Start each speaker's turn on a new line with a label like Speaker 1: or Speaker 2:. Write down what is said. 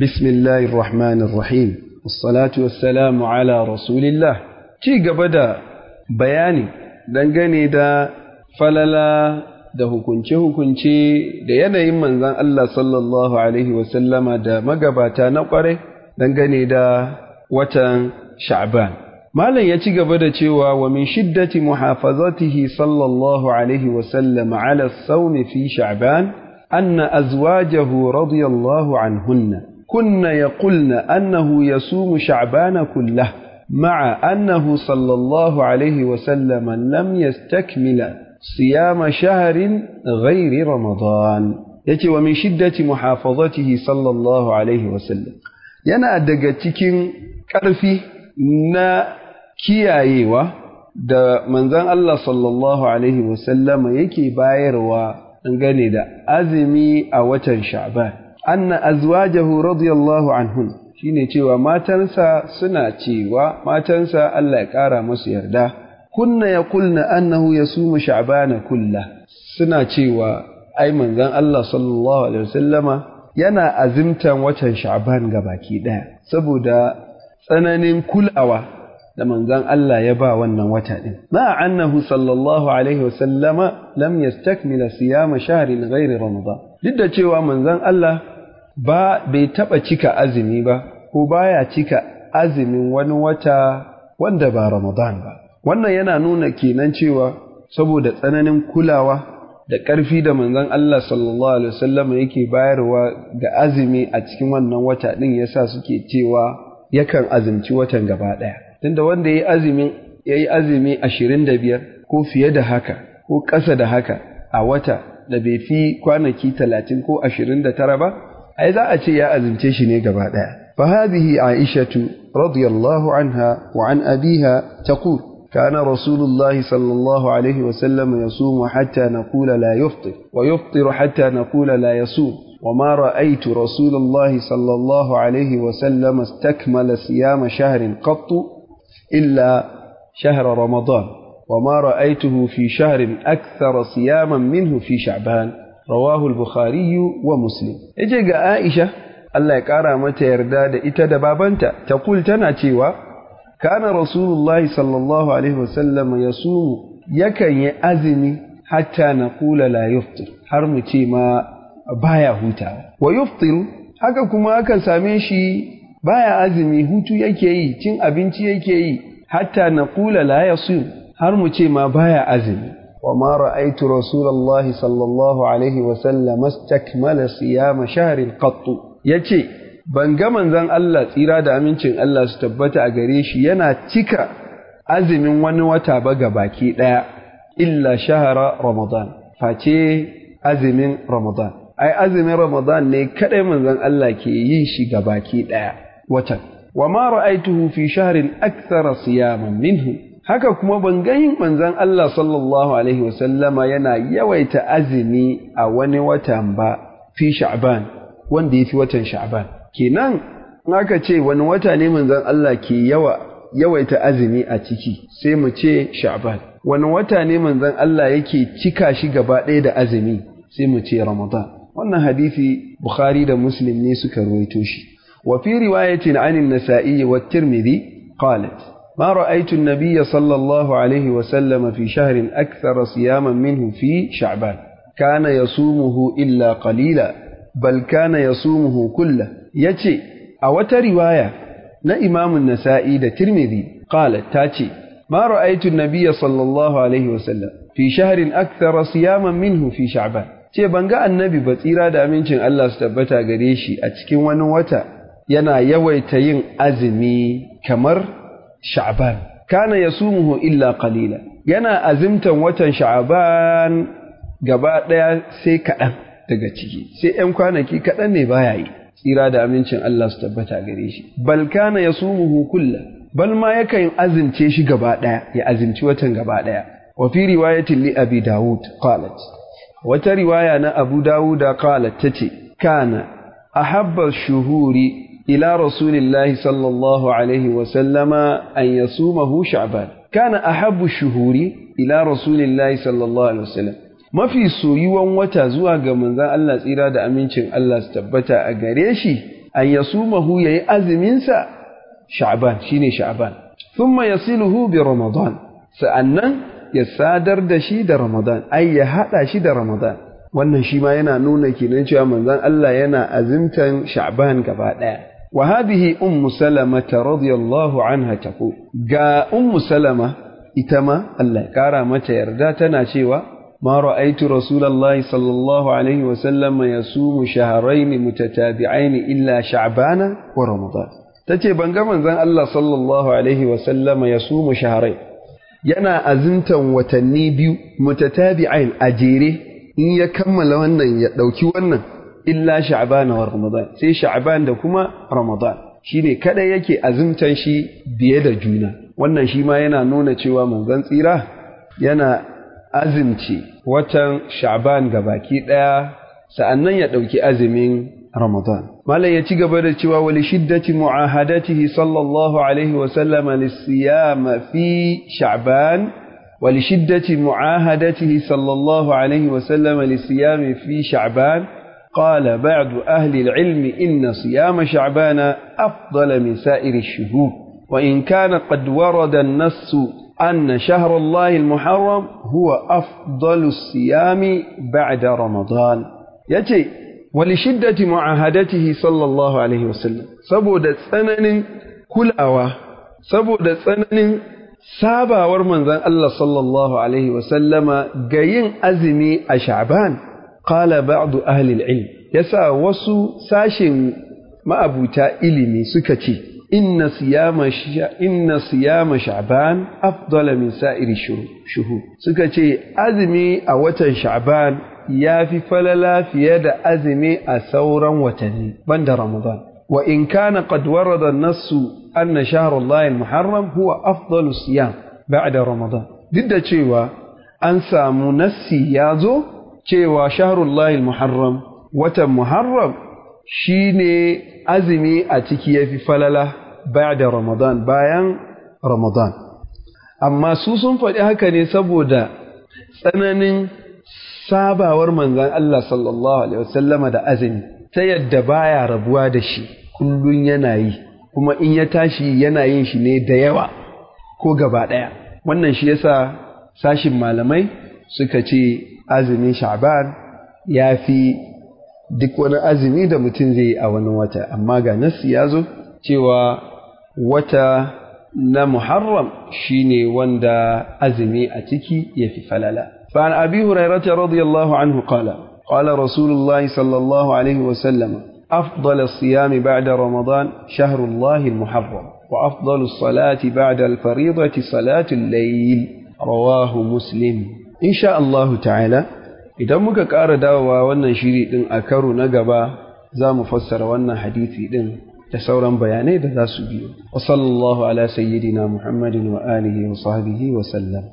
Speaker 1: بسم الله الرحمن الرحيم والصلاة والسلام على رسول الله ci gaba da bayani dangane da falala da hukunce-hukunce da yanayin manzan Allah sallallahu Alaihi wasallama da magabata na ƙware dangane da watan sha'ban. Malam ya ci gaba da cewa wa min shiddati muhafazatihi sallallahu Alaihi wasallama ala saumi fi sha'ban anna azwajahu radiyallahu anhunna كنا يقولن أنه يصوم شعبان كله مع أنه صلى الله عليه وسلم لم يستكمل صيام شهر غير رمضان يتي ومن شدة محافظته صلى الله عليه وسلم ينا دقتك كرفي نا كيايوة دا منزان الله صلى الله عليه وسلم يكي باير وانغاني دا أزمي أوتن شعبان anna azwajahu radiyallahu anhun shine cewa matansa suna cewa matansa Allah ya ƙara musu yarda kunna ya kulna annahu ya sumu sha'bana kulla suna cewa ai manzon Allah sallallahu alaihi wasallama yana azimtan watan sha'ban baki ɗaya saboda tsananin kulawa da manzon Allah ya ba wannan wata din ma annahu sallallahu alaihi wasallama lam yastakmila siyama shahrin ghairi ramadan duk da cewa manzon Allah ba bai taɓa cika azumi ba ko baya cika azumin wani wata wanda ba Ramadan ba wannan yana nuna kenan cewa saboda tsananin kulawa da ƙarfi da manzon Allah sallallahu alaihi wasallam yake bayarwa ga azumi a cikin wannan wata din yasa suke cewa yakan azumci watan gaba ɗaya tunda wanda yayi azumi yayi azumi biyar, ko fiye da haka ko ƙasa da haka a wata da bai fi kwanaki talatin ko da tara ba ai أتي a ce ya فهذه عائشة رضي الله عنها وعن أبيها تقول كان رسول الله صلى الله عليه وسلم يصوم حتى نقول لا يفطر ويفطر حتى نقول لا يصوم وما رأيت رسول الله صلى الله عليه وسلم استكمل صيام شهر قط إلا شهر رمضان وما رأيته في شهر أكثر صياما منه في شعبان Rawahul bukhariyu wa muslim yace ga aisha Allah ya ƙara mata yarda da ita da babanta ta kul tana cewa kana rasulullahi sallallahu alaihi wasallam yasumu yakan yi azumi hatta naqula la yuftir har mu ce ma baya hutawa wa yuftir haka kuma akan same shi baya azumi hutu yake yi cin abinci yake yi hatta naqula la yasum har mu ce ma baya azumi وما رأيت رسول الله صلى الله عليه وسلم استكمل صيام شهر قط يجي ban ga manzon Allah tsira da amincin Allah su tabbata a gare shi yana cika azumin wani wata ba ga baki ɗaya illa shahara Ramadan face azumin Ramadan ai azumin Ramadan ne kadai manzon Allah ke yin shi ga baki ɗaya watan wa ma ra'aituhu fi shahrin akthara siyaman minhu haka kuma ban gani manzan Allah sallallahu alaihi wasallama yana yawaita azumi a wani watan ba fi sha'ban wanda ya fi watan sha'ban kenan aka ce wani wata ne manzan Allah ke yawa yawaita azumi a ciki sai mu ce sha'ban wani wata ne manzan Allah yake cika shi gaba ɗaya da azumi sai mu ce ramadan wannan hadisi bukhari da muslim ne suka ruwaito shi Wafi riwayatin anin nasa'i wa tirmidhi ما رأيت النبي صلى الله عليه وسلم في شهر أكثر صياما منه في شعبان كان يصومه إلا قليلا بل كان يصومه كله يتي أوت رواية نا إمام النسائي دا ترمذي قال تاتي ما رأيت النبي صلى الله عليه وسلم في شهر أكثر صياما منه في شعبان ce ban ga annabi ba tsira da amincin Allah su tabbata gare shi a cikin wani wata yana yawaita yin azumi kamar sha'ban kana yasumuhu illa qalila yana azimtan watan sha'ban gaba daya sai kaɗan daga ciki sai 'yan kwanaki kaɗan ne baya yi tsira da amincin Allah su tabbata gare shi bal kana yasumuhu kulla bal ma yakan azimce shi gaba daya ya azimci watan gaba daya wa fi riwayatin li abi daud qalat wata riwaya na abu dawud qalat ce. kana ahabba shuhuri إلى رسول الله صلى الله عليه وسلم أن يصومه شعبان كان أحب الشهور إلى رسول الله صلى الله عليه وسلم mafi soyuwan wata zuwa ga manzan Allah tsira da amincin Allah su tabbata a gare shi an ya sumahu ya yi azuminsa sha'ban shine sha'ban ya yasiluhu bi ramadan sa'annan ya sadar da shi da ramadan ai ya haɗa shi da ramadan wannan shi ma yana nuna kenan cewa manzan Allah yana azimtan sha'ban gaba ɗaya وهذه أم سلمة رضي الله عنها تقول جاء أم سلمة إتما الله كرامة يرداتنا شوى ما رأيت رسول الله صلى الله عليه وسلم يصوم شهرين متتابعين إلا شعبان ورمضان تتي بنغمان زان الله صلى الله عليه وسلم يصوم شهرين yana azumtan watanni biyu mutatabi'ain a jere in ya kammala wannan ya ɗauki wannan illa sha'ban wa ramadan sai sha'ban da kuma ramadan shine kada yake azumtan shi biye da juna wannan shi ma yana nuna cewa manzon tsira yana azumci watan sha'ban baki daya sa'annan ya dauki azumin ramadan malam ya ci gaba da cewa wali shiddati mu'ahadatihi sallallahu alaihi wa sallama lisiyama fi sha'ban ولشدة معاهدته صلى الله عليه وسلم للصيام في شعبان قال بعض أهل العلم إن صيام شعبان أفضل من سائر الشهور وإن كان قد ورد النص أن شهر الله المحرم هو أفضل الصيام بعد رمضان يتي ولشدة معاهدته صلى الله عليه وسلم سبود سنن كلاوة سبود سنن سابا ورمضان الله صلى الله عليه وسلم جين أزمي أشعبان qala ba'du ahlil ilm yasa wasu sashen ma'abuta ilimi suka ce inna siyama sha'ban afdala min sa'iri shuhur suka ce azumi a watan sha'ban ya fi falala fiye da azumi a sauran watanni banda ramadan wa in kana qad warada an anna shahra Allah muharram huwa afdalu siyam ba'da ramadan duk da cewa an samu nassi ya zo cewa shahrullahi muharram watan muharram shine azumi a ciki ya fi falala da ramadan bayan ramadan amma su sun faɗi haka ne saboda tsananin sabawar manzan Allah sallallahu alaihi wasallama da azumi ta yadda baya rabuwa da shi kullum yana yi kuma in ya tashi yana yin shi ne da yawa ko gaba ɗaya wannan shi yasa sashin malamai suka ce azumin sha'ban ya fi duk wani azumi da mutum zai yi a wani wata amma ga nassi ya zo cewa wata na muharram shine wanda azumi a ciki ya fi falala فعن أبي هريرة رضي الله عنه قال قال رسول الله صلى الله عليه وسلم أفضل الصيام بعد رمضان شهر الله المحرم وأفضل الصلاة بعد الفريضة صلاة الليل رواه مسلم insha Allahu ta'ala idan muka ƙara dawowa wannan shiri ɗin a karo na gaba za mu fassara wannan hadisi ɗin da sauran bayanai da za su biyo wa sallallahu ala sayyidina muhammadin wa alihi wa sahbihi wa sallam